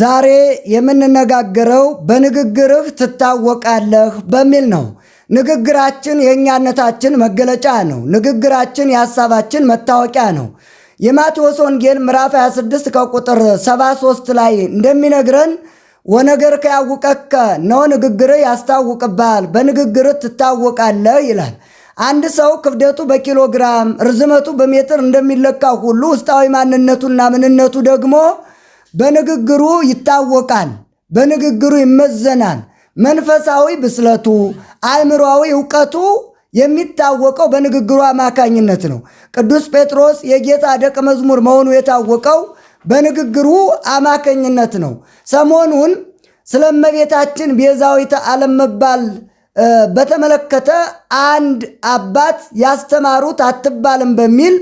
ዛሬ የምንነጋገረው በንግግርህ ትታወቃለህ በሚል ነው። ንግግራችን የእኛነታችን መገለጫ ነው። ንግግራችን የሀሳባችን መታወቂያ ነው። የማቴዎስ ወንጌል ምዕራፍ 26 ከቁጥር 73 ላይ እንደሚነግረን ወነገር ከያውቀከ ነው ንግግርህ ያስታውቅብሃል፣ በንግግርህ ትታወቃለህ ይላል። አንድ ሰው ክብደቱ በኪሎ ግራም ርዝመቱ በሜትር እንደሚለካ ሁሉ ውስጣዊ ማንነቱና ምንነቱ ደግሞ በንግግሩ ይታወቃል፣ በንግግሩ ይመዘናል። መንፈሳዊ ብስለቱ፣ አእምሯዊ እውቀቱ የሚታወቀው በንግግሩ አማካኝነት ነው። ቅዱስ ጴጥሮስ የጌታ ደቀ መዝሙር መሆኑ የታወቀው በንግግሩ አማካኝነት ነው። ሰሞኑን ስለ እመቤታችን ቤዛዊተ ዓለም መባል በተመለከተ አንድ አባት ያስተማሩት አትባልም በሚል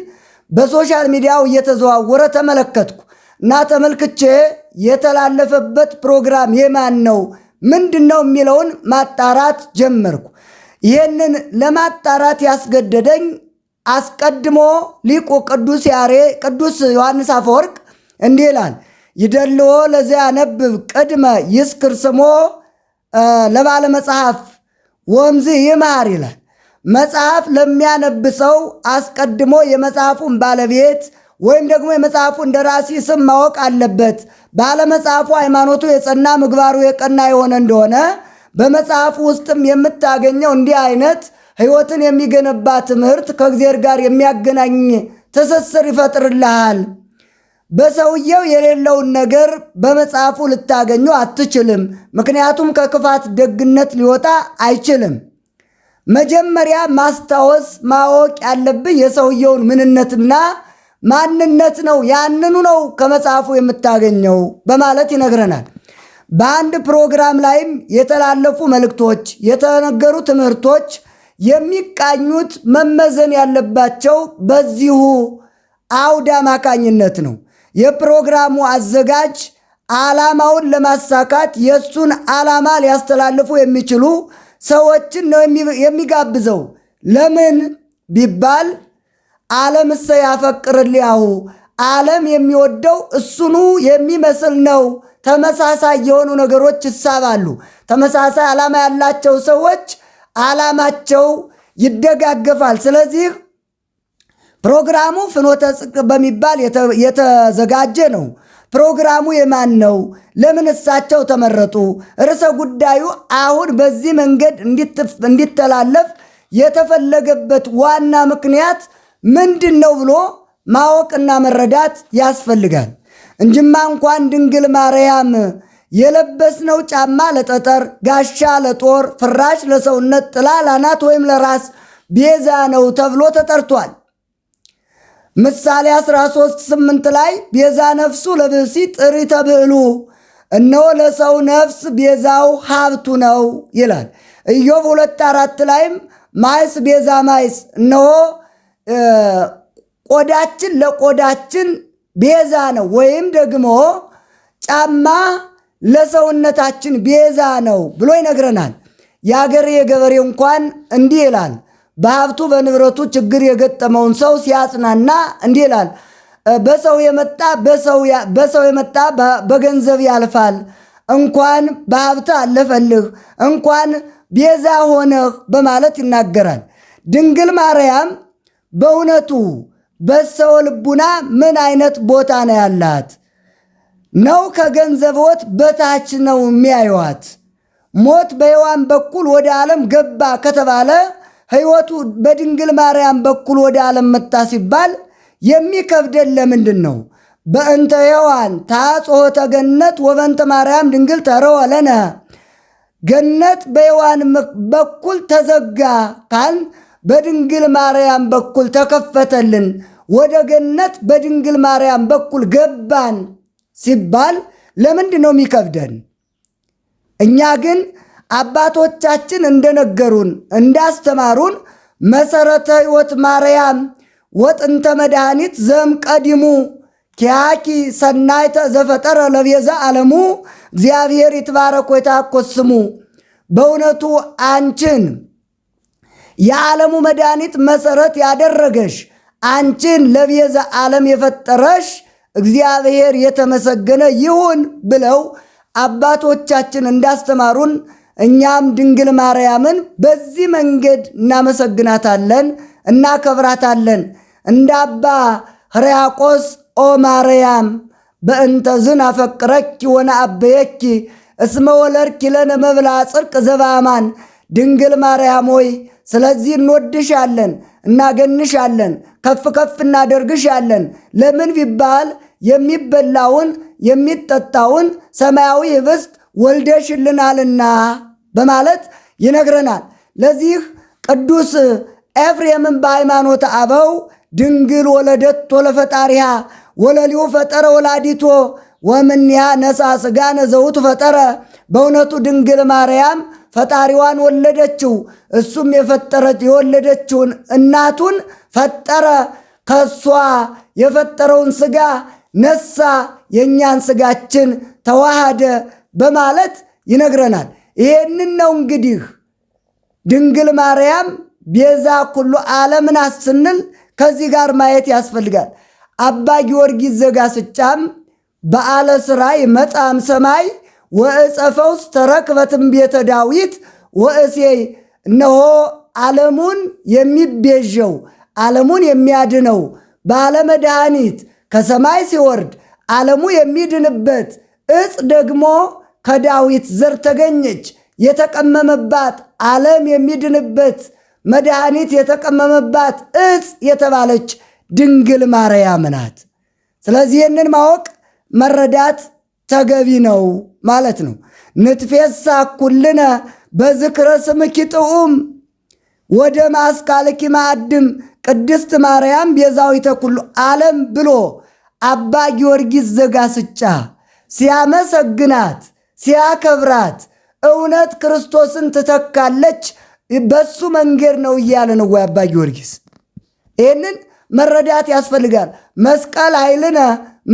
በሶሻል ሚዲያው እየተዘዋወረ ተመለከትኩ። እና ተመልክቼ የተላለፈበት ፕሮግራም የማን ነው ምንድን ነው የሚለውን ማጣራት ጀመርኩ። ይህንን ለማጣራት ያስገደደኝ አስቀድሞ ሊቁ ቅዱስ ያሬ ቅዱስ ዮሐንስ አፈወርቅ እንዲህ ይላል፣ ይደልዎ ለዚያ ነብብ ቅድመ ይስክር ስሞ ለባለ መጽሐፍ ወምዝ ይማር ይላል። መጽሐፍ ለሚያነብ ሰው አስቀድሞ የመጽሐፉን ባለቤት ወይም ደግሞ የመጽሐፉ እንደራሲ ስም ማወቅ አለበት። ባለመጽሐፉ ሃይማኖቱ የጸና ምግባሩ የቀና የሆነ እንደሆነ በመጽሐፉ ውስጥም የምታገኘው እንዲህ አይነት ሕይወትን የሚገነባ ትምህርት ከእግዜር ጋር የሚያገናኝ ትስስር ይፈጥርልሃል። በሰውየው የሌለውን ነገር በመጽሐፉ ልታገኙ አትችልም። ምክንያቱም ከክፋት ደግነት ሊወጣ አይችልም። መጀመሪያ ማስታወስ ማወቅ ያለብህ የሰውየውን ምንነትና ማንነት ነው። ያንኑ ነው ከመጽሐፉ የምታገኘው በማለት ይነግረናል። በአንድ ፕሮግራም ላይም የተላለፉ መልእክቶች፣ የተነገሩ ትምህርቶች የሚቃኙት መመዘን ያለባቸው በዚሁ አውድ አማካኝነት ነው። የፕሮግራሙ አዘጋጅ ዓላማውን ለማሳካት የእሱን ዓላማ ሊያስተላልፉ የሚችሉ ሰዎችን ነው የሚጋብዘው። ለምን ቢባል ዓለም እሰ ያፈቅርልያሁ ዓለም የሚወደው እሱኑ የሚመስል ነው። ተመሳሳይ የሆኑ ነገሮች ይሳባሉ። ተመሳሳይ ዓላማ ያላቸው ሰዎች ዓላማቸው ይደጋገፋል። ስለዚህ ፕሮግራሙ ፍኖተ ጽድቅ በሚባል የተዘጋጀ ነው። ፕሮግራሙ የማን ነው? ለምን እሳቸው ተመረጡ? ርዕሰ ጉዳዩ አሁን በዚህ መንገድ እንዲተላለፍ የተፈለገበት ዋና ምክንያት ምንድን ነው ብሎ ማወቅና መረዳት ያስፈልጋል። እንጅማ እንኳን ድንግል ማርያም የለበስነው ጫማ ለጠጠር፣ ጋሻ ለጦር፣ ፍራሽ ለሰውነት፣ ጥላ ላናት ወይም ለራስ ቤዛ ነው ተብሎ ተጠርቷል። ምሳሌ 13 8 ላይ ቤዛ ነፍሱ ለብሲ ጥሪ ተብዕሉ እነሆ ለሰው ነፍስ ቤዛው ሀብቱ ነው ይላል። ኢዮብ ሁለት አራት ላይም ማይስ ቤዛ ማይስ እነሆ ቆዳችን ለቆዳችን ቤዛ ነው፣ ወይም ደግሞ ጫማ ለሰውነታችን ቤዛ ነው ብሎ ይነግረናል። የአገር የገበሬ እንኳን እንዲህ ይላል። በሀብቱ በንብረቱ ችግር የገጠመውን ሰው ሲያጽናና እንዲህ ይላል። በሰው የመጣ በሰው የመጣ በገንዘብ ያልፋል፣ እንኳን በሀብት አለፈልህ፣ እንኳን ቤዛ ሆነህ በማለት ይናገራል። ድንግል ማርያም በእውነቱ በሰው ልቡና ምን አይነት ቦታ ነው ያላት? ነው ከገንዘብዎት በታች ነው የሚያዩዋት? ሞት በሔዋን በኩል ወደ ዓለም ገባ ከተባለ ሕይወቱ በድንግል ማርያም በኩል ወደ ዓለም መጣ ሲባል የሚከብደን ለምንድን ነው? በእንተ ሔዋን ታጽሖተ ገነት ወበንተ ማርያም ድንግል ተረወ ለነ ገነት በሔዋን በኩል ተዘጋ ካል በድንግል ማርያም በኩል ተከፈተልን፣ ወደ ገነት በድንግል ማርያም በኩል ገባን ሲባል ለምንድ ነው የሚከብደን? እኛ ግን አባቶቻችን እንደነገሩን እንዳስተማሩን መሰረተ ሕይወት ማርያም ወጥንተ መድኃኒት ዘም ቀዲሙ ኪያኪ ሰናይተ ዘፈጠረ ለቤዛ ዓለሙ እግዚአብሔር ይትባረክ ወይታኮስሙ በእውነቱ አንችን የዓለሙ መድኃኒት መሰረት ያደረገሽ አንቺን ለቤዛ ዓለም የፈጠረሽ እግዚአብሔር የተመሰገነ ይሁን ብለው አባቶቻችን እንዳስተማሩን እኛም ድንግል ማርያምን በዚህ መንገድ እናመሰግናታለን፣ እናከብራታለን። እንደ አባ ሕርያቆስ ኦ ማርያም በእንተ ዝን አፈቅረኪ ወነ አበየኪ እስመ ወለርኪ ለነ መብላ ጽርቅ ዘባማን ድንግል ማርያም ሆይ ስለዚህ እንወድሻለን፣ እናገንሻለን፣ ከፍ ከፍ እናደርግሻለን። ለምን ቢባል የሚበላውን የሚጠጣውን ሰማያዊ ህብስት ወልደሽልናልና በማለት ይነግረናል። ለዚህ ቅዱስ ኤፍሬምን በሃይማኖት አበው ድንግል ወለደቶ ለፈጣሪሃ ወለሊሁ ፈጠረ ወላዲቶ ወምንያ ነሳ ስጋ ነዘውቱ ፈጠረ በእውነቱ ድንግል ማርያም ፈጣሪዋን ወለደችው። እሱም የፈጠረት የወለደችውን እናቱን ፈጠረ። ከሷ የፈጠረውን ስጋ ነሳ፣ የእኛን ስጋችን ተዋሃደ በማለት ይነግረናል። ይሄንን ነው እንግዲህ ድንግል ማርያም ቤዛ ኩሉ ዓለም ናት ስንል ከዚህ ጋር ማየት ያስፈልጋል። አባ ጊዮርጊስ ዘጋስጫም በዓለ ስራይ መጣም ሰማይ ወእፀፈውስ ተረክበትም ቤተ ዳዊት ወእሴይ እነሆ ዓለሙን የሚቤዠው ዓለሙን የሚያድነው ባለመድኃኒት ከሰማይ ሲወርድ ዓለሙ የሚድንበት እጽ ደግሞ ከዳዊት ዘር ተገኘች። የተቀመመባት ዓለም የሚድንበት መድኃኒት የተቀመመባት እጽ የተባለች ድንግል ማርያም ናት። ስለዚህ ይህንን ማወቅ መረዳት ተገቢ ነው ማለት ነው። ንትፌሳ ኩልነ በዝክረ ስምኪ ጥዑም ወደ ማስካልኪ ማዕድም ቅድስት ማርያም ቤዛዊተ ኩሉ ዓለም ብሎ አባ ጊዮርጊስ ዘጋስጫ ሲያመሰግናት ሲያከብራት እውነት ክርስቶስን ትተካለች በሱ መንገድ ነው እያለ ነው ወይ አባ ጊዮርጊስ። ይህንን መረዳት ያስፈልጋል። መስቀል ኃይልነ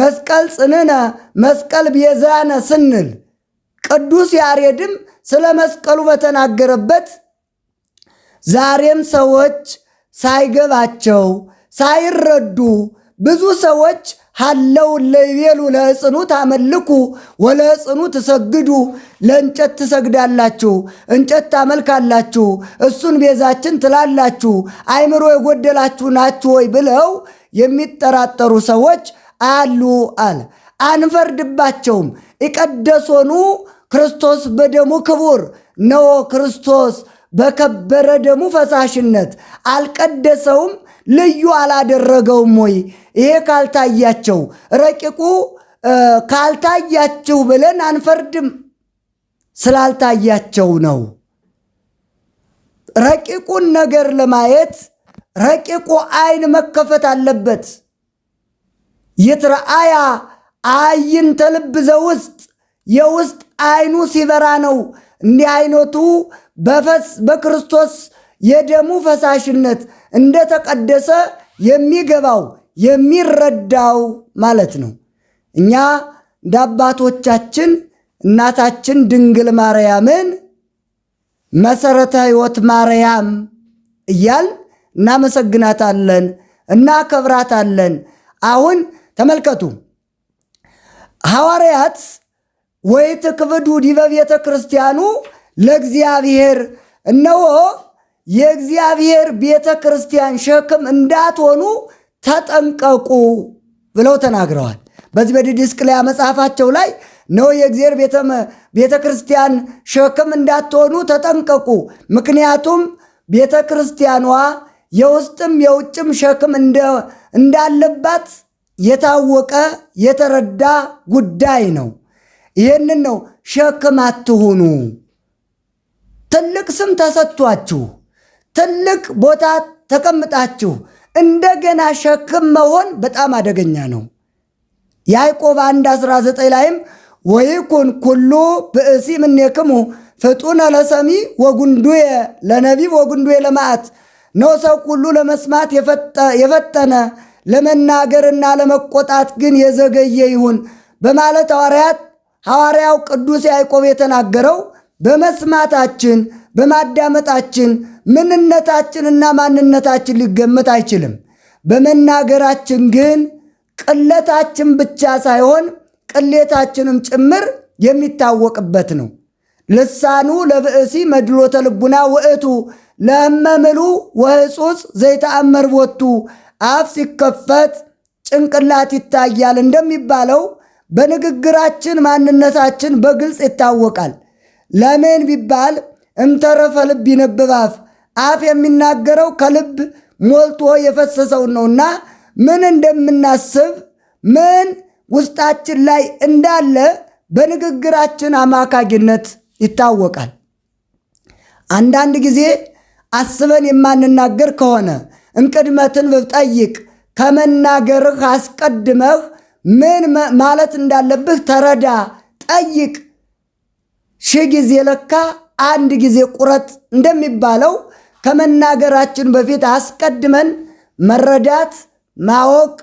መስቀል ጽንነ መስቀል ቤዛነ ስንል ቅዱስ ያሬድም ስለ መስቀሉ በተናገረበት ዛሬም ሰዎች ሳይገባቸው ሳይረዱ ብዙ ሰዎች ሀለው ለይቤሉ ለእጽኑ ታመልኩ ወለእጽኑ ትሰግዱ፣ ለእንጨት ትሰግዳላችሁ፣ እንጨት ታመልካላችሁ፣ እሱን ቤዛችን ትላላችሁ፣ አይምሮ የጎደላችሁ ናችሁ ወይ ብለው የሚጠራጠሩ ሰዎች አሉ አለ። አንፈርድባቸውም። ይቀደሶኑ ክርስቶስ በደሙ ክቡር ነው። ክርስቶስ በከበረ ደሙ ፈሳሽነት አልቀደሰውም፣ ልዩ አላደረገውም ወይ? ይሄ ካልታያቸው ረቂቁ ካልታያችሁ ብለን አንፈርድም። ስላልታያቸው ነው። ረቂቁን ነገር ለማየት ረቂቁ ዓይን መከፈት አለበት። ይትረአያ አይንተ ልብ ዘውስጥ የውስጥ አይኑ ሲበራ ነው። እንዲህ አይነቱ በክርስቶስ የደሙ ፈሳሽነት እንደተቀደሰ የሚገባው የሚረዳው ማለት ነው። እኛ እንደ አባቶቻችን እናታችን ድንግል ማርያምን መሰረተ ሕይወት ማርያም እያል እናመሰግናታለን፣ እናከብራታለን። አሁን ተመልከቱ ሐዋርያት ወይትክብዱ ዲበ ቤተ ክርስቲያኑ ለእግዚአብሔር እነሆ የእግዚአብሔር ቤተ ክርስቲያን ሸክም እንዳትሆኑ ተጠንቀቁ ብለው ተናግረዋል። በዚህ በዲድስቅልያ መጽሐፋቸው ላይ ነው የእግዚአብሔር ቤተ ክርስቲያን ሸክም እንዳትሆኑ ተጠንቀቁ፣ ምክንያቱም ቤተ ክርስቲያኗ የውስጥም የውጭም ሸክም እንዳለባት የታወቀ የተረዳ ጉዳይ ነው። ይህንን ነው ሸክም አትሁኑ። ትልቅ ስም ተሰጥቷችሁ ትልቅ ቦታ ተቀምጣችሁ እንደገና ሸክም መሆን በጣም አደገኛ ነው። ያዕቆብ 1 19 ላይም ወይኩን ኩሉ ብእሲ እምኔክሙ ፍጡነ ለሰሚ ወጉንዱየ ለነቢብ ወጉንዱየ ለመዓት ነው ሰው ሁሉ ለመስማት የፈጠነ ለመናገርና ለመቆጣት ግን የዘገየ ይሁን በማለት ሐዋርያት ሐዋርያው ቅዱስ ያዕቆብ የተናገረው በመስማታችን በማዳመጣችን ምንነታችንና ማንነታችን ሊገመት አይችልም። በመናገራችን ግን ቅለታችን ብቻ ሳይሆን ቅሌታችንም ጭምር የሚታወቅበት ነው። ልሳኑ ለብእሲ መድሎተ ልቡና ውእቱ ለእመምሉ ወህጹጽ ዘይተአመር ቦቱ አፍ ሲከፈት ጭንቅላት ይታያል እንደሚባለው በንግግራችን ማንነታችን በግልጽ ይታወቃል። ለምን ቢባል እምተረፈ ልብ ይነብብ አፍ አፍ የሚናገረው ከልብ ሞልቶ የፈሰሰውን ነውና ምን እንደምናስብ ምን ውስጣችን ላይ እንዳለ በንግግራችን አማካጊነት ይታወቃል። አንዳንድ ጊዜ አስበን የማንናገር ከሆነ እንቅድመትን ብጠይቅ ከመናገርህ አስቀድመህ ምን ማለት እንዳለብህ ተረዳ፣ ጠይቅ። ሺ ጊዜ ለካ አንድ ጊዜ ቁረጥ እንደሚባለው ከመናገራችን በፊት አስቀድመን መረዳት ማወቅ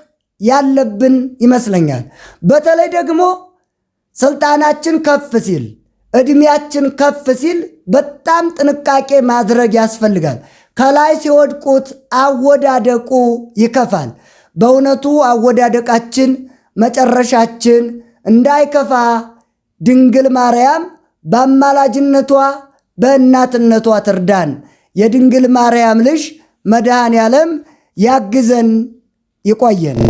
ያለብን ይመስለኛል። በተለይ ደግሞ ስልጣናችን ከፍ ሲል፣ እድሜያችን ከፍ ሲል በጣም ጥንቃቄ ማድረግ ያስፈልጋል። ከላይ ሲወድቁት አወዳደቁ ይከፋል። በእውነቱ አወዳደቃችን መጨረሻችን እንዳይከፋ ድንግል ማርያም በአማላጅነቷ በእናትነቷ ትርዳን። የድንግል ማርያም ልጅ መድኃኔ ዓለም ያግዘን፣ ይቆየን።